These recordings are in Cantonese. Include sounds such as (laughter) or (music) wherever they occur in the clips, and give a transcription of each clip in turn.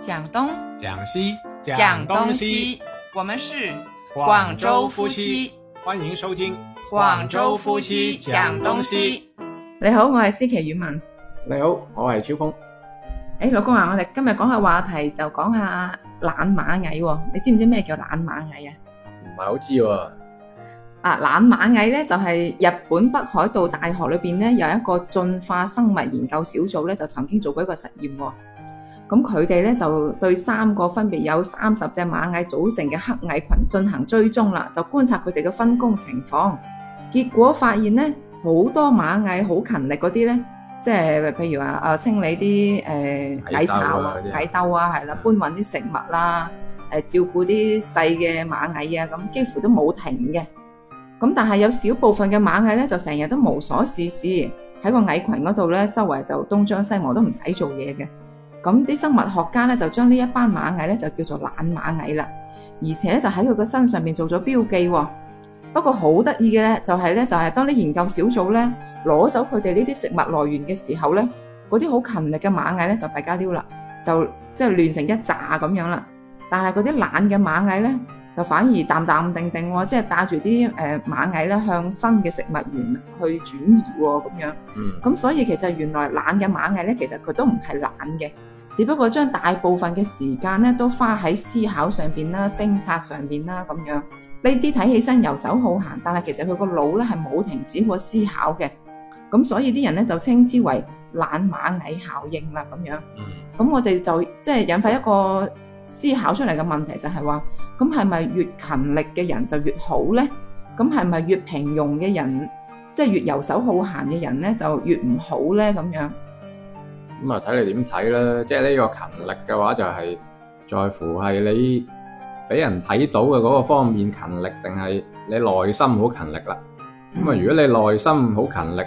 講東講西講東西，我們是廣州夫妻，歡迎收聽廣州夫妻講東西。你好，我係思琪婉文。你好，我係超風。誒，老公啊，我哋今日講嘅話題就講下懶螞蟻喎。你知唔知咩叫懶螞蟻啊？唔係好知喎。啊，懶螞蟻咧就係日本北海道大學裏邊咧有一個進化生物研究小組咧，就曾經做過一個實驗喎。咁佢哋咧就對三個分別有三十隻螞蟻組成嘅黑蟻羣進行追蹤啦，就觀察佢哋嘅分工情況。結果發現咧，好多螞蟻好勤力嗰啲咧，即係譬如話啊，清理啲誒蟻巢啊、蟻竇啊，係啦，搬運啲食物啦，誒照顧啲細嘅螞蟻啊，咁幾乎都冇停嘅。咁但係有少部分嘅螞蟻咧，就成日都無所事事喺個蟻羣嗰度咧，周圍就東張西望，都唔使做嘢嘅。咁啲生物學家咧就將呢一班螞蟻咧就叫做懶螞蟻啦，而且咧就喺佢個身上面做咗標記喎、哦。不過好得意嘅咧就係咧就係、是、當你研究小組咧攞走佢哋呢啲食物來源嘅時候咧，嗰啲好勤力嘅螞蟻咧就大家溜啦，就即係亂成一紮咁樣啦。但係嗰啲懶嘅螞蟻咧就反而淡淡定定喎、哦，即、就、係、是、帶住啲誒螞蟻咧向新嘅食物源去轉移喎、哦、咁樣。咁、嗯、所以其實原來懶嘅螞蟻咧其實佢都唔係懶嘅。只不過將大部分嘅時間咧都花喺思考上邊啦、偵察上邊啦咁樣，呢啲睇起身游手好閒，但係其實佢個腦咧係冇停止過思考嘅，咁所以啲人咧就稱之為懶螞蟻效應啦咁樣。咁我哋就即係引發一個思考出嚟嘅問題就係話，咁係咪越勤力嘅人就越好咧？咁係咪越平庸嘅人，即係越游手好閒嘅人咧，就越唔好咧咁樣？咁啊，睇你點睇啦，即係呢個勤力嘅話，就係在乎係你俾人睇到嘅嗰個方面勤力，定係你內心好勤力啦。咁、嗯、啊，如果你內心好勤力，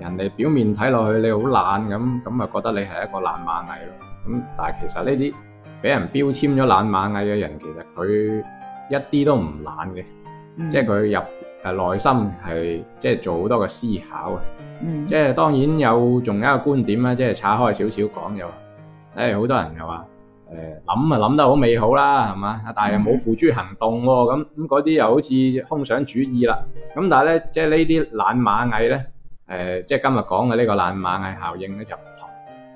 人哋表面睇落去你好懶咁，咁啊覺得你係一個懶螞蟻咯。咁但係其實呢啲俾人標籤咗懶螞蟻嘅人，其實佢一啲都唔懶嘅，即係佢入係內心係即係做好多嘅思考啊。嗯、即係當然有，仲有一個觀點咧，即係岔開少少講又，誒、欸，好多人又話，誒諗啊諗得好美好啦，係嘛，但係又冇付諸行動喎，咁咁嗰啲又好似空想主義啦。咁但係咧，即係呢啲懶螞蟻咧，誒、呃，即係今日講嘅呢個懶螞蟻效應咧就唔同，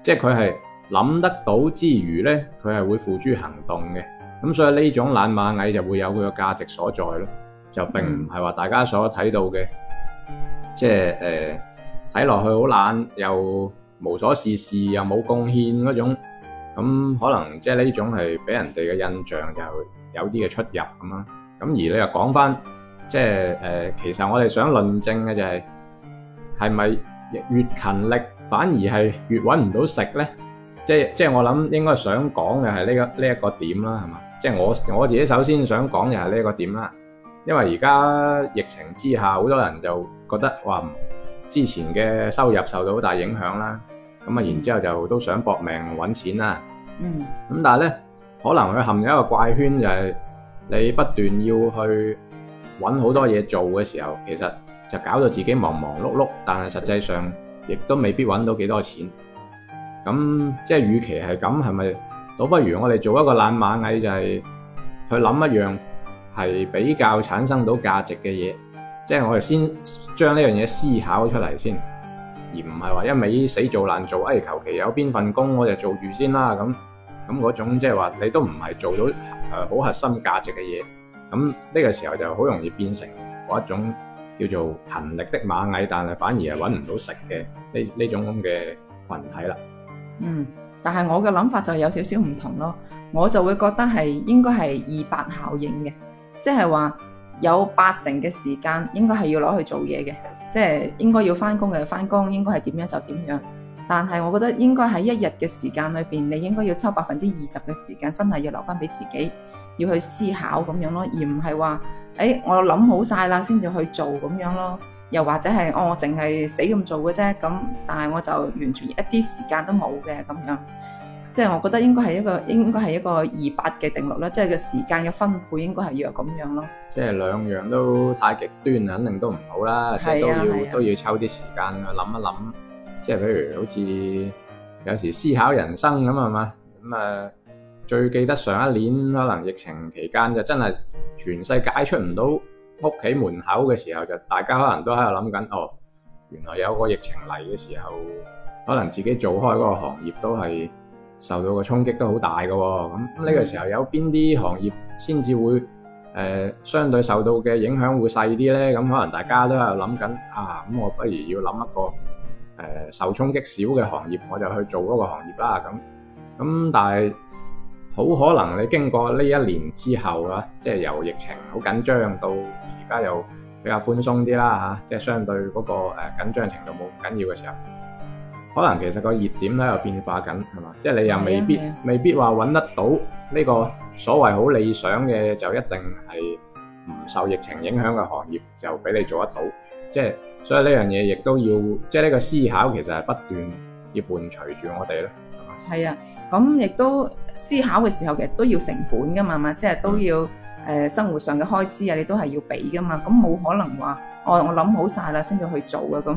即係佢係諗得到之餘咧，佢係會付諸行動嘅。咁所以呢種懶螞蟻就會有佢嘅價值所在咯，就並唔係話大家所睇到嘅，嗯，即係誒。呃睇落去好懶，又無所事事，又冇貢獻嗰種，咁可能即係呢種係俾人哋嘅印象，就有啲嘅出入咁啦。咁而你又講翻，即係誒，其實我哋想論證嘅就係係咪越勤力反而係越揾唔到食咧？即係即係我諗應該想講嘅係呢個呢一個點啦，係嘛？即係我我自己首先想講嘅係呢一個點啦，因為而家疫情之下，好多人就覺得話，之前嘅收入受到好大影響啦，咁啊然之後就都想搏命揾錢啦。嗯，咁但係呢，可能佢陷入一個怪圈就係你不斷要去揾好多嘢做嘅時候，其實就搞到自己忙忙碌碌，但係實際上亦都未必揾到幾多錢。咁即係，與其係咁，係咪倒不如我哋做一個懶螞蟻，就係去諗一樣係比較產生到價值嘅嘢。即係我哋先將呢樣嘢思考出嚟先，而唔係話一味死做爛做，哎求其有邊份工我就做住先啦咁。咁嗰種即係話你都唔係做到誒好核心價值嘅嘢，咁呢個時候就好容易變成嗰一種叫做勤力的螞蟻，但係反而係搵唔到食嘅呢呢種咁嘅群體啦。嗯，但係我嘅諗法就有少少唔同咯，我就會覺得係應該係二八效應嘅，即係話。有八成嘅時間應該係要攞去做嘢嘅，即係應該要翻工嘅翻工，應該係點樣就點樣。但係，我覺得應該喺一日嘅時間裏邊，你應該要抽百分之二十嘅時間，真係要留翻俾自己要去思考咁樣咯，而唔係話誒我諗好晒啦先至去做咁樣咯，又或者係哦我淨係死咁做嘅啫咁，但係我就完全一啲時間都冇嘅咁樣。即、就、係、是、我覺得應該係一個應該係一個二八嘅定律啦，即係個時間嘅分配應該係要咁樣咯。即係兩樣都太極端，肯定都唔好啦、啊。即係都要、啊、都要抽啲時間去諗一諗。即係譬如好似有時思考人生咁啊嘛。咁啊、嗯，最記得上一年可能疫情期間就真係全世界出唔到屋企門口嘅時候，就大家可能都喺度諗緊哦，原來有個疫情嚟嘅時候，可能自己做開嗰個行業都係。受到嘅衝擊都好大嘅喎，咁呢個時候有邊啲行業先至會誒、呃、相對受到嘅影響會細啲呢？咁可能大家都係諗緊啊，咁我不如要諗一個誒、呃、受衝擊少嘅行業，我就去做嗰個行業啦。咁咁但係好可能你經過呢一年之後啊，即係由疫情好緊張到而家又比較寬鬆啲啦嚇，即係相對嗰個誒緊張程度冇咁緊要嘅時候。可能其實個熱點都有變化緊，係嘛？即係你又未必、啊啊、未必話揾得到呢個所謂好理想嘅，就一定係唔受疫情影響嘅行業就俾你做得到。即係所以呢樣嘢亦都要，即係呢個思考其實係不斷要伴隨住我哋咯。係嘛？係啊，咁亦都思考嘅時候其實都要成本噶嘛，嘛，即係都要誒、嗯呃、生活上嘅開支啊，你都係要俾噶嘛。咁冇可能話我我諗好晒啦先至去做嘅、啊、咁。咁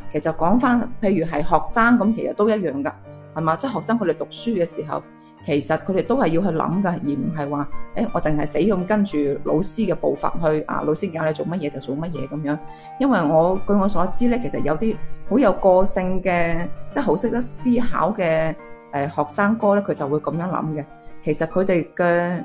其實講翻，譬如係學生咁，其實都一樣噶，係嘛？即係學生佢哋讀書嘅時候，其實佢哋都係要去諗噶，而唔係話，誒我淨係死咁跟住老師嘅步伐去啊，老師教你做乜嘢就做乜嘢咁樣。因為我據我所知咧，其實有啲好有個性嘅，即係好識得思考嘅、誒、學生哥咧，佢就會咁樣諗嘅。其實佢哋嘅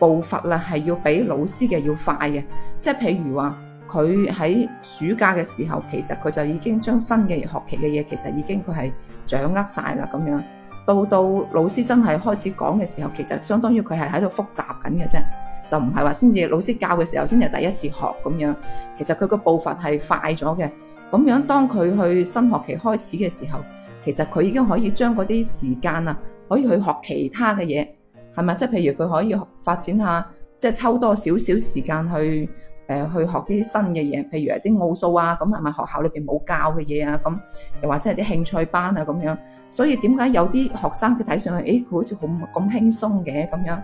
步伐啦，係要比老師嘅要快嘅。即係譬如話。佢喺暑假嘅時候，其實佢就已經將新嘅學期嘅嘢，其實已經佢係掌握晒啦咁樣。到到老師真係開始講嘅時候，其實相當於佢係喺度複習緊嘅啫，就唔係話先至老師教嘅時候先至第一次學咁樣。其實佢個步伐係快咗嘅。咁樣當佢去新學期開始嘅時候，其實佢已經可以將嗰啲時間啊，可以去學其他嘅嘢，係咪？即係譬如佢可以發展下，即係抽多少少時間去。誒去學啲新嘅嘢，譬如係啲奧數啊，咁係咪學校裏邊冇教嘅嘢啊？咁又或者係啲興趣班啊咁樣。所以點解有啲學生佢睇上去，誒佢好似好咁輕鬆嘅咁樣，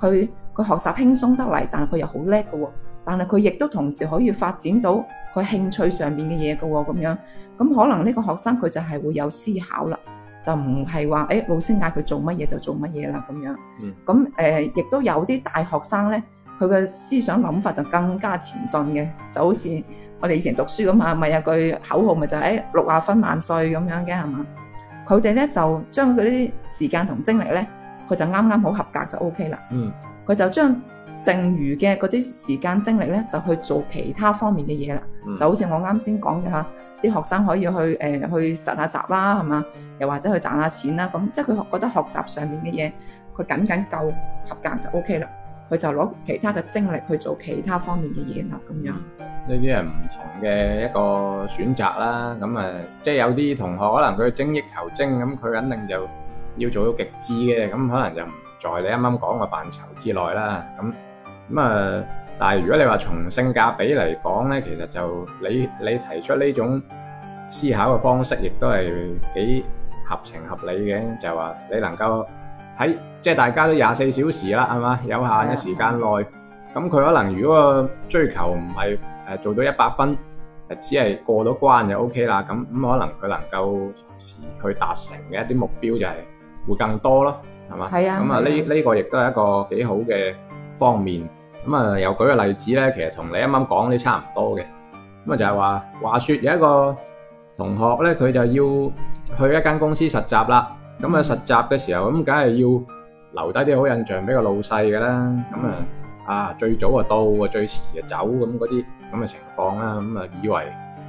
佢佢學習輕鬆得嚟，但係佢又好叻嘅喎。但係佢亦都同時可以發展到佢興趣上面嘅嘢嘅喎，咁樣咁可能呢個學生佢就係會有思考啦，就唔係話誒老師嗌佢做乜嘢就做乜嘢啦咁樣。嗯。咁誒，亦都有啲大學生咧。佢嘅思想諗法就更加前進嘅，就好似我哋以前讀書咁啊，咪有句口號咪就係六十分萬歲咁樣嘅係嘛？佢哋咧就將佢啲時間同精力咧，佢就啱啱好合格就 OK 啦。嗯，佢就將剩餘嘅嗰啲時間精力咧，就去做其他方面嘅嘢啦。嗯、就好似我啱先講嘅下，啲學生可以去、呃、去實下習啦，係嘛？又或者去賺下錢啦，咁即係佢覺得學習上面嘅嘢，佢僅僅夠合格就 OK 啦。佢就攞其他嘅精力去做其他方面嘅嘢啦，咁樣。呢啲係唔同嘅一個選擇啦。咁啊，即係有啲同學可能佢精益求精，咁佢肯定就要做到極致嘅。咁可能就唔在你啱啱講嘅範疇之內啦。咁咁啊，但係如果你話從性價比嚟講咧，其實就你你提出呢種思考嘅方式，亦都係幾合情合理嘅，就係話你能夠。喺即係大家都廿四小時啦，係嘛？有限嘅時間內，咁佢、啊啊、可能如果個追求唔係做到一百分，只係過到關就 O K 啦。咁咁可能佢能夠同時去達成嘅一啲目標就係會更多咯，係嘛？係啊。咁啊呢呢個亦都係一個幾好嘅方面。咁啊又舉個例子咧，其實同你啱啱講啲差唔多嘅。咁啊就係話，話說有一個同學咧，佢就要去一間公司實習啦。咁、嗯、啊！實習嘅時候咁，梗係要留低啲好印象俾個老細㗎啦。咁、嗯、啊啊，最早啊到啊，最遲就走咁嗰啲咁嘅情況啦。咁、嗯、啊，以為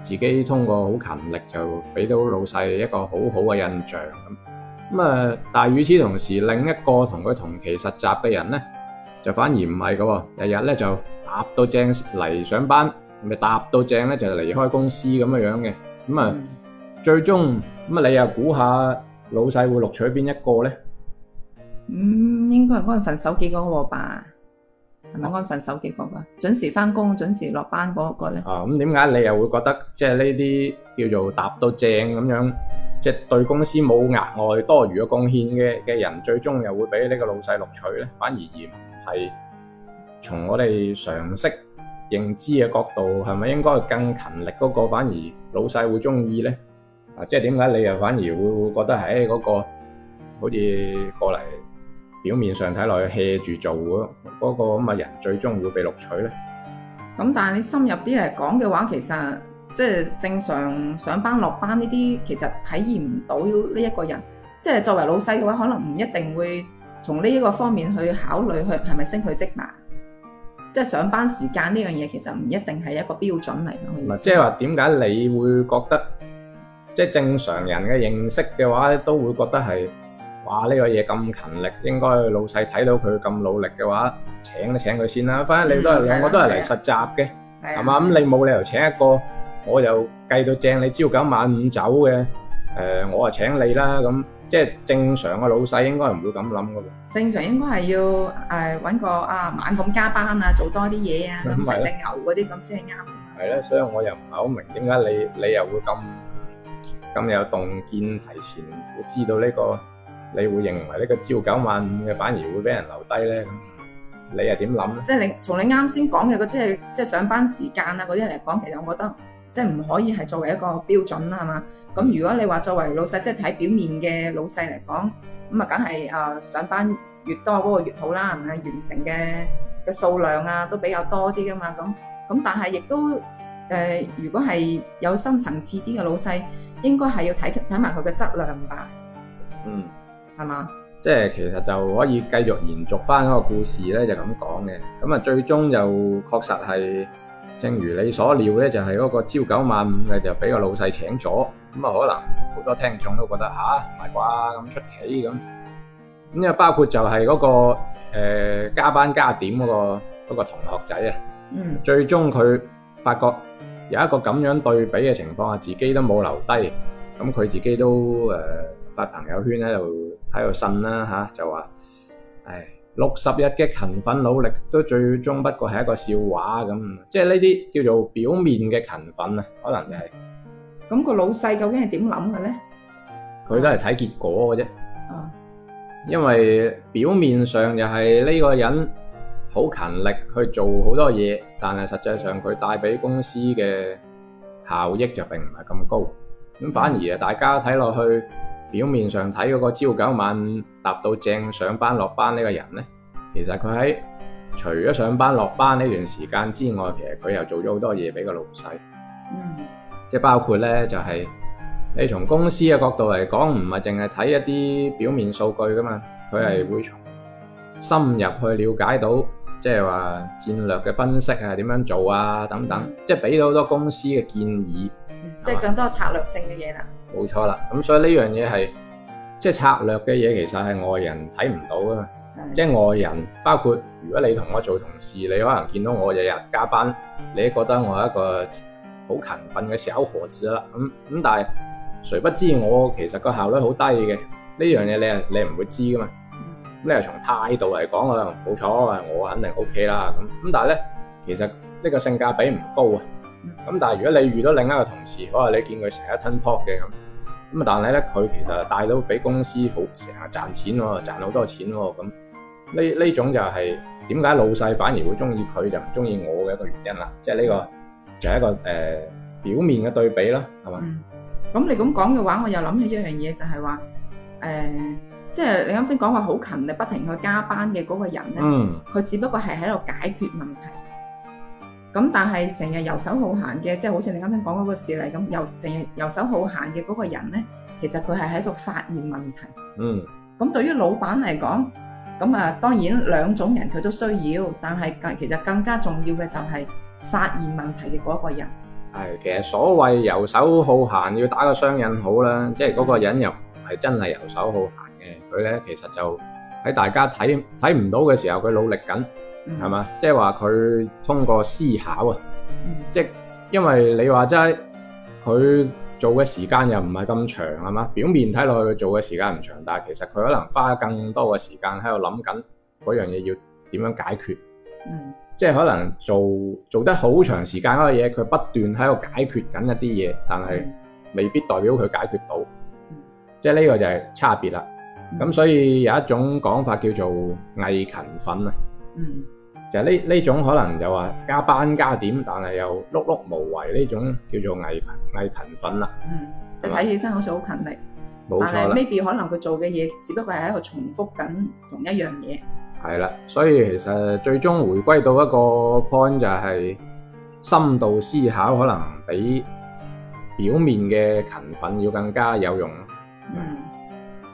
自己通過好勤力就俾到老細一個好好嘅印象咁。咁啊、嗯，但係與此同時，另一個同佢同期實習嘅人咧，就反而唔係㗎喎。日日咧就搭到正嚟上班，咪搭到正咧就離開公司咁樣樣嘅。咁啊、嗯，最終咁啊，你又估下？老細會錄取邊一個咧？嗯，應該係安分守己嗰個吧？係咪安分守己嗰個？準時翻工、準時落班嗰個咧？啊，咁點解你又會覺得即係呢啲叫做答到正咁樣，即係對公司冇額外多餘嘅貢獻嘅嘅人，最終又會俾呢個老細錄取咧？反而而唔係從我哋常識認知嘅角度，係咪應該更勤力嗰個反而老細會中意咧？即係點解你又反而會會覺得係嗰個好似過嚟表面上睇落去 hea 住做嗰嗰個咁嘅人，最終會被錄取咧？咁，嗯，但係你深入啲嚟講嘅話，其實即係正常上班落班呢啲，其實體驗唔到呢一個人，即係作為老細嘅話，可能唔一定會從呢一個方面去考慮去係咪升佢職嘛？即係上班時間呢樣嘢，其實唔一定係一個標準嚟。唔係即係話點解你會覺得？即係正常人嘅認識嘅話咧，都會覺得係話呢個嘢咁勤力，應該老細睇到佢咁努力嘅話，請都請佢先啦。反正你都係兩個都係嚟實習嘅，係嘛？咁你冇理由請一個，我又計到正你朝九晚五走嘅，誒我啊請你啦。咁即係正常嘅老細應該係唔會咁諗噶。正常應該係要誒揾個啊晚咁加班啊，做多啲嘢啊咁食隻牛嗰啲咁先係啱。係咧，所以我又唔係好明點解你你又會咁。咁有洞見提前會知道呢個，你會認為呢個朝九晚五嘅反而會俾人留低咧？咁你又點諗咧？即係你從你啱先講嘅個即係即係上班時間啊嗰啲嚟講，其實我覺得即係唔可以係作為一個標準啦，係嘛？咁如果你話作為老細即係睇表面嘅老細嚟講，咁啊梗係啊上班越多嗰個越好啦，係咪完成嘅嘅數量啊都比較多啲噶嘛？咁咁但係亦都誒，如果係有深層次啲嘅老細。應該係要睇睇埋佢嘅質量吧。嗯，係嘛？即係其實就可以繼續延續翻嗰個故事咧，就咁講嘅。咁啊，最終又確實係正如你所料咧，就係、是、嗰個朝九晚五嘅就俾個老細請咗。咁啊，可能好多聽眾都覺得吓，唔係啩咁出奇咁。咁又包括就係嗰、嗰個、呃、加班加點嗰、嗰個嗰個同學仔啊。嗯。最終佢發覺。有一個咁樣對比嘅情況下，自己都冇留低，咁佢自己都誒、呃、發朋友圈喺度喺度呻啦嚇，就話：「唉，六十日嘅勤奮努力都最終不過係一個笑話咁、嗯，即係呢啲叫做表面嘅勤奮啊，可能就係、是。咁、那個老細究竟係點諗嘅咧？佢都係睇結果嘅啫。啊！因為表面上就係呢個人。好勤力去做好多嘢，但係實際上佢帶俾公司嘅效益就並唔係咁高。咁反而啊，大家睇落去，表面上睇嗰個朝九晚五搭到正上班落班呢個人呢，其實佢喺除咗上班落班呢段時間之外，其實佢又做咗好多嘢俾個老細。嗯，即係包括呢，就係、是、你從公司嘅角度嚟講，唔係淨係睇一啲表面數據噶嘛，佢係會從深入去了解到。即係話戰略嘅分析啊，點樣做啊，等等，嗯、即係俾到好多公司嘅建議，嗯、即係更多策略性嘅嘢啦。冇錯啦，咁所以呢樣嘢係即係策略嘅嘢，其實係外人睇唔到嘛。即係外人，包括如果你同我做同事，你可能見到我日日加班，你都覺得我係一個好勤奮嘅小夥子啦。咁咁，但係誰不知我其實個效率好低嘅？呢樣嘢你你唔會知噶嘛。咩啊？從態度嚟講啊，冇錯啊，我肯定 OK 啦。咁咁，但係咧，其實呢個性價比唔高啊。咁但係如果你遇到另一個同事，可能你見佢成日吞 port 嘅咁，咁啊，但係咧，佢其實帶到俾公司好成日賺錢喎，賺好多錢喎。咁呢呢種就係點解老細反而會中意佢就唔中意我嘅一個原因啦。即係呢個就係一個誒表面嘅對比咯，係嘛？嗯，咁你咁講嘅話，我又諗起一樣嘢，就係話誒。呃即係你啱先講話好勤力，不停去加班嘅嗰個人咧，嗯，佢只不過係喺度解決問題。咁但係成日遊手好閒嘅，即係好似你啱先講嗰個事例咁，遊，成日遊手好閒嘅嗰個人咧，其實佢係喺度發現問題。嗯，咁對於老闆嚟講，咁啊當然兩種人佢都需要，但係其實更加重要嘅就係發現問題嘅嗰個人係其實所謂遊手好閒，要打個雙引號啦，即係嗰個人又唔係真係遊手好閒。誒，佢咧其實就喺大家睇睇唔到嘅時候，佢努力緊，係、嗯、嘛？即係話佢通過思考啊，即、嗯、係、就是、因為你話齋，佢做嘅時間又唔係咁長，係嘛？表面睇落去佢做嘅時間唔長，但係其實佢可能花更多嘅時間喺度諗緊嗰樣嘢要點樣解決，嗯，即、就、係、是、可能做做得好長時間嗰個嘢，佢不斷喺度解決緊一啲嘢，但係未必代表佢解決到，即係呢個就係差別啦。咁、嗯、所以有一種講法叫做偽勤奮啊，嗯，就係呢呢種可能就話加班加點，但係又碌碌無為呢種叫做偽偽勤奮啦。嗯，你睇起身好似好勤力，冇錯啦。但 maybe 可能佢做嘅嘢，只不過係喺度重複緊同一樣嘢。係啦，所以其實最終回歸到一個 point 就係深度思考，可能比表面嘅勤奮要更加有用。嗯。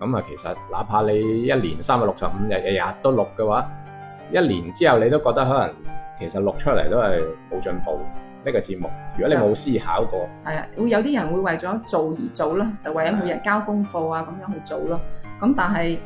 咁啊，其實哪怕你一年三百六十五日日日都錄嘅話，一年之後你都覺得可能其實錄出嚟都係冇進步。呢個節目，如果你冇思考過，係啊，會有啲人會為咗做而做啦，就為咗每日交功課啊咁樣去做咯。咁但係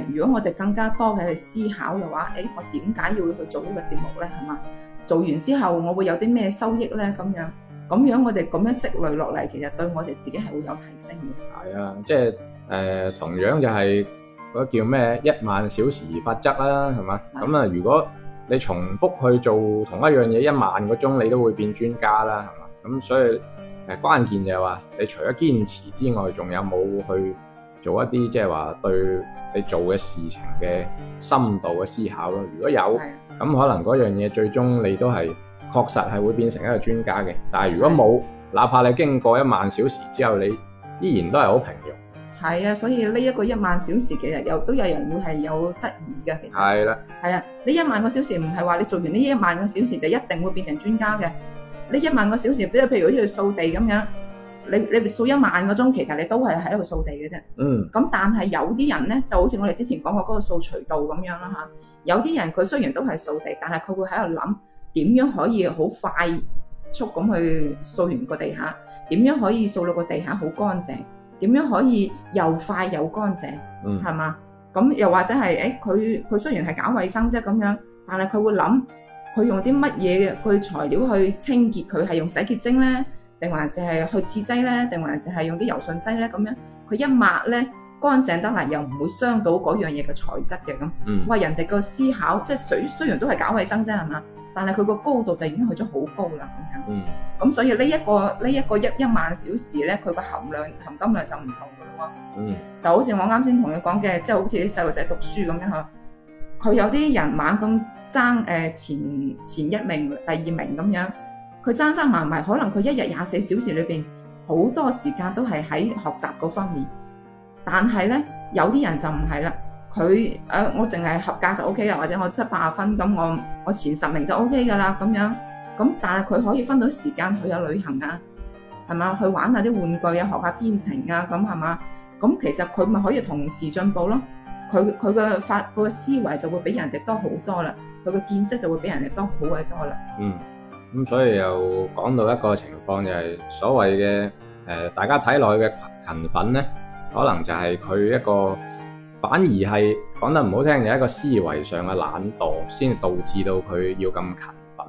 誒，如果我哋更加多嘅去思考嘅話，誒，我點解要去做呢個節目咧？係嘛？做完之後我會有啲咩收益咧？咁樣咁樣我哋咁樣積累落嚟，其實對我哋自己係會有提升嘅。係啊，即係。誒、呃、同樣就係、是、嗰叫咩一萬小時法則啦，係嘛咁啊？那如果你重複去做同一樣嘢一萬個鐘，你都會變專家啦，係嘛咁？那所以誒關鍵就係話，你除咗堅持之外，仲有冇去做一啲即係話對你做嘅事情嘅深度嘅思考咯？如果有咁，那可能嗰樣嘢最終你都係確實係會變成一個專家嘅。但係如果冇，哪怕你經過一萬小時之後，你依然都係好平庸。係啊，所以呢一個一萬小時其實都有人會係有質疑嘅，其實係啦，係啊，呢一萬個小時唔係話你做完呢一萬個小時就一定會變成專家嘅，你一萬個小時，比如譬如好似去掃地咁樣，你你掃一萬個鐘，其實你都係喺度掃地嘅啫。嗯。咁但係有啲人咧，就好似我哋之前講過嗰個掃除道咁樣啦嚇，有啲人佢雖然都係掃地，但係佢會喺度諗點樣可以好快速咁去掃完個地下，點樣可以掃到個地下好乾淨。點樣可以又快又乾淨，係、嗯、嘛？咁又或者係誒，佢、欸、佢雖然係搞衞生啫咁樣，但係佢會諗，佢用啲乜嘢嘅佢材料去清潔，佢係用洗潔精咧，定還是係去漬劑咧，定還是係用啲柔順劑咧咁樣？佢一抹咧乾淨得嚟，又唔會傷到嗰樣嘢嘅材質嘅咁。哇、嗯！人哋個思考即係雖雖然都係搞衞生啫，係嘛？但係佢個高度就已經去咗好高啦，咁樣、嗯。咁所以呢一個呢一個一一萬小時咧，佢個含量含金量就唔同噶咯、嗯。就好似我啱先同你講嘅，即係好似啲細路仔讀書咁樣嚇。佢有啲人猛咁爭誒前前一名、第二名咁樣，佢爭爭埋埋，可能佢一日廿四小時裏邊好多時間都係喺學習嗰方面。但係咧，有啲人就唔係啦。佢、啊、我淨係合格就 O K 啦，或者我七八分，咁我我前十名就 O K 噶啦，咁樣咁，但係佢可以分到時間去有旅行啊，係嘛？去玩一下啲玩具啊，學下編程啊，咁係嘛？咁其實佢咪可以同時進步咯。佢佢嘅發佈思維就會比人哋多好多啦，佢嘅見識就會比人哋多好嘅多啦。嗯，咁所以又講到一個情況，就係、是、所謂嘅、呃、大家睇落去嘅勤奮咧，可能就係佢一個。反而係講得唔好聽，就係一個思維上嘅懶惰，先導致到佢要咁勤奮。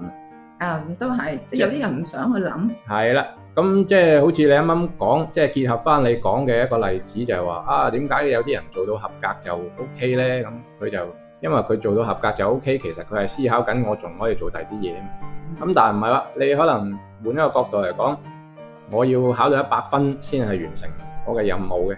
誒，都係，即係有啲人唔想去諗。係啦，咁即係好似你啱啱講，即係結合翻你講嘅一個例子，就係話啊，點解有啲人做到合格就 OK 咧？咁佢就因為佢做到合格就 OK，其實佢係思考緊我仲可以做第啲嘢。咁但係唔係話你可能換一個角度嚟講，我要考到一百分先係完成我嘅任務嘅。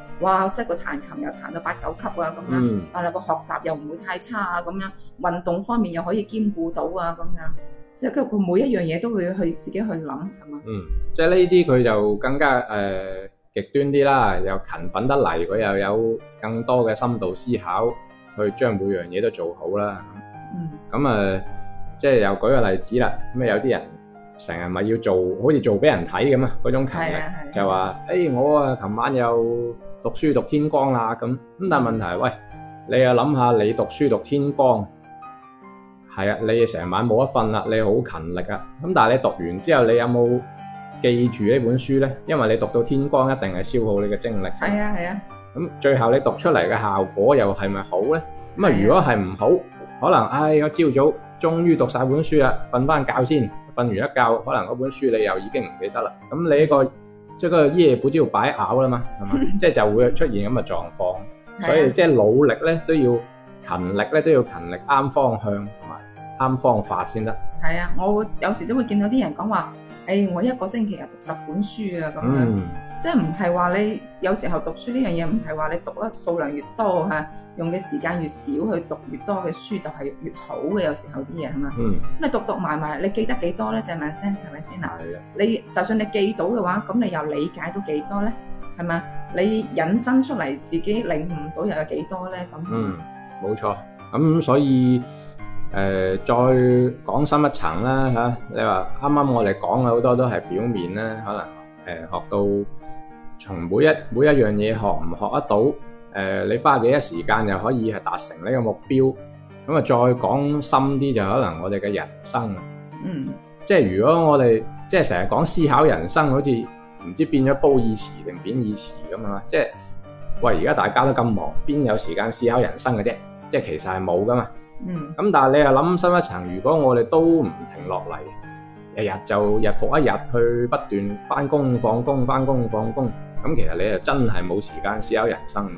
哇！即係佢彈琴又彈到八九級啊，咁樣，但係個學習又唔會太差啊，咁樣運動方面又可以兼顧到啊，咁樣，即係佢每一樣嘢都會去自己去諗，係嘛？嗯，即係呢啲佢就更加誒極端啲啦，又勤奮得嚟，佢又有更多嘅深度思考去將每樣嘢都做好啦。嗯，咁誒，即係又舉個例子啦，咁啊有啲人。成日咪要做，好似做俾人睇咁啊！嗰種勤力就話：誒我啊，琴晚又讀書讀天光啦，咁咁。但係問題係，喂，你又諗下你讀書讀天光，係啊，你成晚冇得瞓啦，你好勤力啊。咁但係你讀完之後，你有冇記住呢本書咧？因為你讀到天光，一定係消耗你嘅精力。係啊係啊。咁最後你讀出嚟嘅效果又係咪好咧？咁啊，如果係唔好，可能唉，我朝早終於讀晒本書啦，瞓翻覺先。瞓完一覺，可能嗰本書你又已經唔記得啦。咁你呢個即係個夜本朝擺咬啦嘛，係嘛，即係就會出現咁嘅狀況。所以即係努力咧都要勤力咧，都要勤力啱方向同埋啱方法先得。係啊，我有時都會見到啲人講話，誒，我一個星期啊讀十本書啊咁樣，即係唔係話你有時候讀書呢樣嘢唔係話你讀得數量越多吓。用嘅時間越少，去讀越多嘅書就係越好嘅。有時候啲嘢係嘛，咁啊你讀讀埋埋，你記得幾多咧？就係咪先，係咪先嗱？你就算你記到嘅話，咁你又理解到幾多咧？係嘛？你引申出嚟自己領悟到又有幾多咧？咁冇錯。咁所以誒，再講深一層啦嚇，你話啱啱我哋講嘅好多都係表面啦，可能誒學到從每一每一樣嘢學唔學得到。誒、呃，你花幾多時間又可以係達成呢個目標？咁啊，再講深啲就可能我哋嘅人生。嗯，即係如果我哋即係成日講思考人生，好似唔知變咗褒義詞定貶義詞咁嘛。即係喂，而家大家都咁忙，邊有時間思考人生嘅啫？即係其實係冇噶嘛。嗯，咁但係你又諗深一層，如果我哋都唔停落嚟，日日就日復一日去不斷翻工放工翻工放工，咁其實你又真係冇時間思考人生。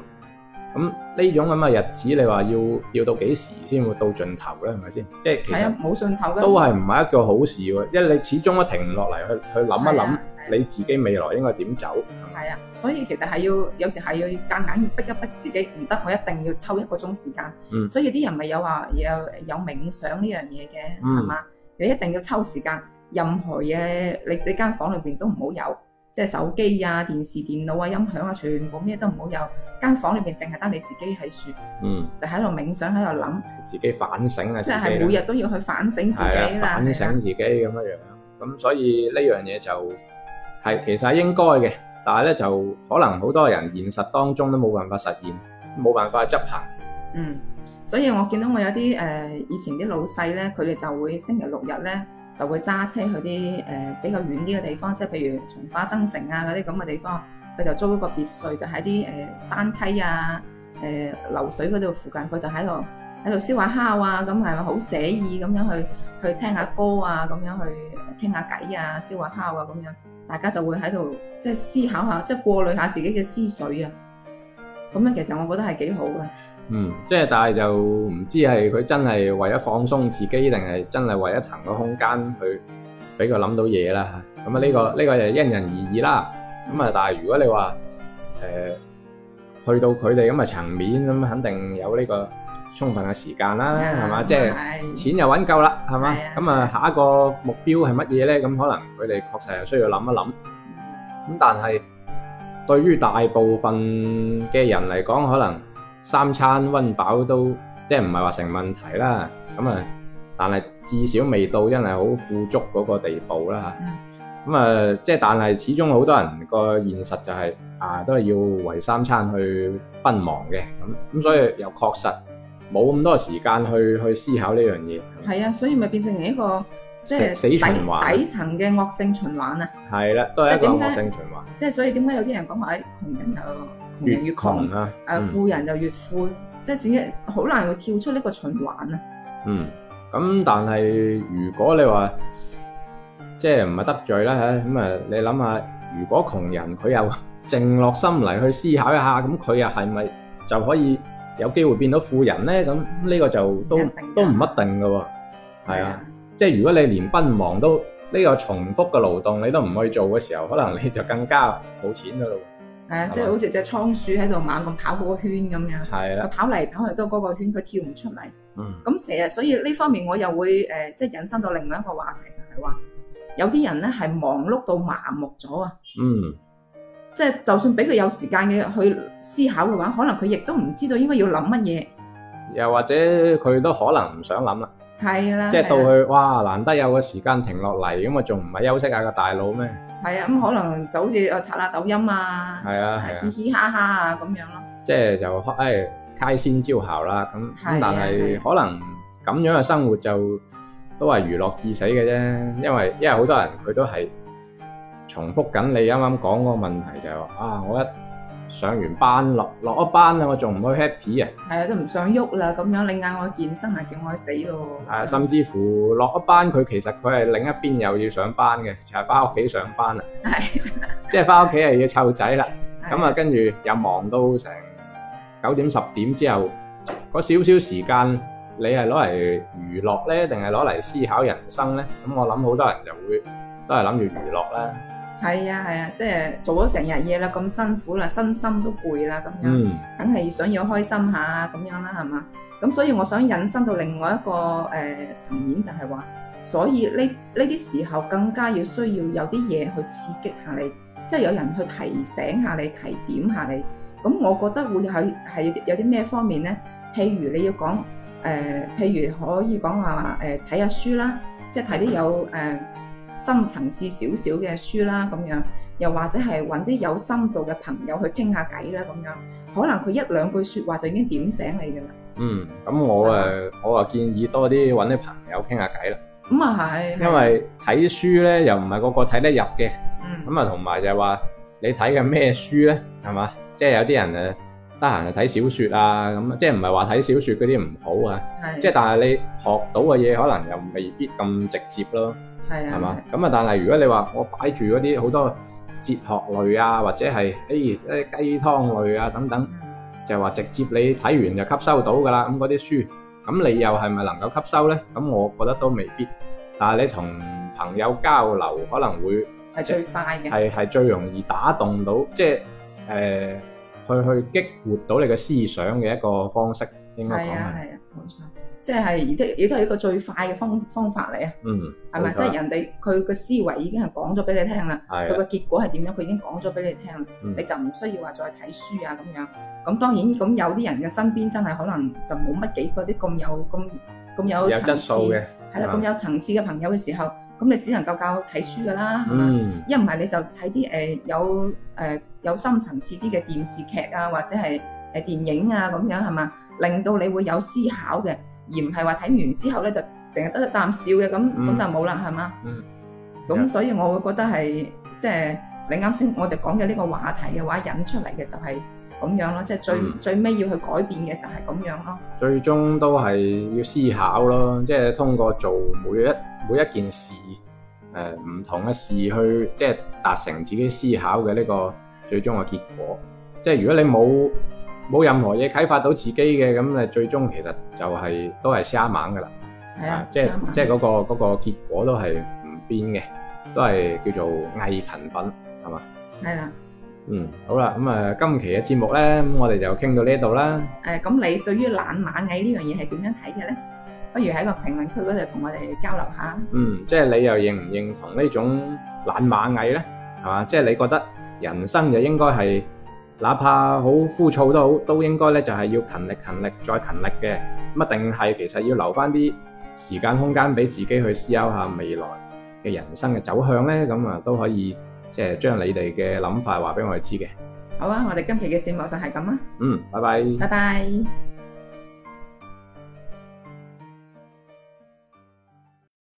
咁、嗯、呢種咁嘅日子，你話要要到幾時先會到盡頭咧？係咪先？係啊，冇盡頭嘅。即係其實都係唔係一個好事喎？因為你始終都停唔落嚟，去去諗一諗你自己未來應該點走。係啊，啊，啊，啊，所以其實係要，有時係要夾硬，硬要逼一逼自己，唔得我一定要抽一個鐘時，時間。嗯。所以啲人咪有話有有冥想呢樣嘢嘅，係、嗯、嘛？你一定要抽時間，任何嘢你你間房裏面都唔好有。即係手機啊、電視、電腦啊、音響啊，全部咩都唔好有。間房裏面淨係得你自己喺處，嗯，就喺度冥想，喺度諗，自己反省啊，即係每日都要去反省自己啦。反省自己咁樣樣，咁所以呢樣嘢就係其實係應該嘅，但係咧就可能好多人現實當中都冇辦法實現，冇辦法執行。嗯，所以我見到我有啲誒以前啲老細咧，佢哋就會星期六日咧。就會揸車去啲誒、呃、比較遠啲嘅地方，即係譬如從化增城啊嗰啲咁嘅地方，佢就租一個別墅，就喺啲誒山溪啊、誒、呃、流水嗰度附近，佢就喺度喺度燒下烤啊，咁係咪好寫意咁樣，去去聽下歌啊，咁樣去傾下偈啊，燒下烤啊咁樣，大家就會喺度即係思考下，即係過濾下自己嘅思緒啊，咁啊其實我覺得係幾好嘅。嗯，即係，但係就唔知係佢真係為咗放鬆自己，定係真係為咗騰、個空間去俾佢諗到嘢啦。咁啊，呢個呢個就因人而異啦。咁、嗯、啊，但係如果你話誒、呃、去到佢哋咁嘅層面，咁肯定有呢個充分嘅時間啦，係、yeah, 嘛？即係錢又搵夠啦，係嘛？咁啊，下一個目標係乜嘢咧？咁可能佢哋確實係需要諗一諗。咁但係對於大部分嘅人嚟講，可能。三餐溫飽都即係唔係話成問題啦，咁啊，但係至少未到真係好富足嗰個地步啦。咁、嗯、啊，即係但係始終好多人個現實就係、是、啊，都係要為三餐去奔忙嘅。咁咁所以又確實冇咁多時間去去思考呢樣嘢。係啊，所以咪變成一個即係、死循環、底底層嘅惡性循環啊。係啦，都係一個惡性循環。即係所以點解有啲人講話誒，窮人就？越窮，越窮啊！誒，富人就越富，嗯、即係好難會跳出呢個循環啊。嗯，咁但係如果你話即係唔係得罪啦嚇，咁啊你諗下，如果窮人佢又靜落心嚟去思考一下，咁佢又係咪就可以有機會變到富人咧？咁呢個就都都唔一定嘅喎。啊，係啊即係如果你連奔忙都呢、呢個重複嘅勞動你都唔去做嘅時候，可能你就更加冇錢嘅咯。誒，即係好似隻倉鼠喺度猛咁跑嗰個圈咁樣，佢跑嚟跑去都嗰個圈，佢跳唔出嚟。嗯，咁成日，所以呢方面我又會誒，即係引申到另外一個話題就，就係話有啲人咧係忙碌到麻木咗啊。嗯，即係就算俾佢有時間嘅去思考嘅話，可能佢亦都唔知道應該要諗乜嘢，又或者佢都可能唔想諗啦。係啦，即係到去哇，難得有個時間停落嚟，咁啊仲唔係休息一下個大腦咩？係啊，咁可能就好似誒刷下抖音啊，係啊，係啊，嘻嘻哈哈啊咁樣咯。即係就，係就哎、開誒先招效啦，咁、啊、但係、啊、可能咁樣嘅生活就都係娛樂至死嘅啫，因為因為好多人佢都係重複緊你啱啱講嗰個問題，就話、係、啊我一。上完班落落咗班咧，我仲唔去 happy 啊？係啊，都唔想喐啦，咁樣你嗌我健身係叫我去死咯。係啊，甚至乎落咗班佢其實佢係另一邊又要上班嘅，就係翻屋企上班啦。係， (laughs) 即係翻屋企係要湊仔啦，咁啊跟住又忙到成九點十點之後，嗰少少時間你係攞嚟娛樂咧，定係攞嚟思考人生咧？咁我諗好多人就會都係諗住娛樂啦。係啊係啊，即係做咗成日嘢啦，咁辛苦啦，身心都攰啦，咁樣，梗、嗯、係想要開心下咁樣啦，係嘛？咁所以我想引申到另外一個誒層、呃、面，就係話，所以呢呢啲時候更加要需要有啲嘢去刺激下你，即、就、係、是、有人去提醒下你，提點下你。咁我覺得會係係有啲咩方面咧？譬如你要講誒、呃，譬如可以講話誒睇下書啦，即係睇啲有誒。呃深層次少少嘅書啦，咁樣又或者係揾啲有深度嘅朋友去傾下偈啦，咁樣可能佢一兩句説話就已經點醒你噶啦。嗯，咁我誒、啊、我啊建議多啲揾啲朋友傾下偈啦。咁啊係，因為睇書咧又唔係個個睇得入嘅，咁啊同埋就係話你睇嘅咩書咧，係嘛？即係有啲人誒得閒就睇小説啊，咁即係唔係話睇小説嗰啲唔好啊？係即係但係你學到嘅嘢可能又未必咁直接咯。係啊，係嘛咁啊！但係如果你話我擺住嗰啲好多哲學類啊，或者係誒，誒雞湯類啊等等，就係話直接你睇完就吸收到噶啦。咁嗰啲書，咁你又係咪能夠吸收咧？咁我覺得都未必。但係你同朋友交流，可能會係最快嘅，係係最容易打動到，即係誒，去去激活到你嘅思想嘅一個方式。應該講係。係啊，係啊，冇錯。即係亦都亦都係一個最快嘅方方法嚟啊！嗯，係咪？即係人哋佢個思維已經係講咗俾你聽啦。係，佢個結果係點樣？佢已經講咗俾你聽啦。嗯、你就唔需要話再睇書啊咁樣。咁當然咁有啲人嘅身邊真係可能就冇乜幾個啲咁有咁咁有，有質素嘅係啦，咁有層次嘅朋友嘅時候，咁你只能夠教睇書㗎啦，係、嗯、嘛？一唔係你就睇啲誒有誒、呃、有深層次啲嘅電視劇啊，或者係誒電影啊咁樣係嘛，令到你會有思考嘅。而唔係話睇完之後咧就淨係得一啖笑嘅咁咁就冇啦係嘛？咁，嗯嗯，所以我會覺得係即係你啱先我哋講嘅呢個話題嘅話引出嚟嘅就係咁樣咯，即係最，嗯，最尾要去改變嘅就係咁樣咯。最終都係要思考咯，即係通過做每一每一件事，誒唔同嘅事去即係達成自己思考嘅呢個最終嘅結果。即係如果你冇。冇任何嘢啟發到自己嘅，咁誒最終其實就係都係瞎忙噶啦，即係即係嗰個嗰個結果都係唔變嘅，都係叫做偽勤奮，係嘛？係啦。嗯，好啦，咁誒今期嘅節目咧，咁我哋就傾到呢一度啦。誒，咁你對於懶螞蟻呢樣嘢係點樣睇嘅咧？不如喺個評論區嗰度同我哋交流下。嗯，即係你又認唔認同呢種懶螞蟻咧？係嘛？即係你覺得人生就應該係？哪怕好枯燥都好，都應該咧就係要勤力、勤力再勤力嘅，乜定係其實要留翻啲時間空間俾自己去思考下未來嘅人生嘅走向咧，咁啊都可以即係將你哋嘅諗法話俾我哋知嘅。好啊，我哋今期嘅節目就係咁啦。嗯，拜拜。拜拜。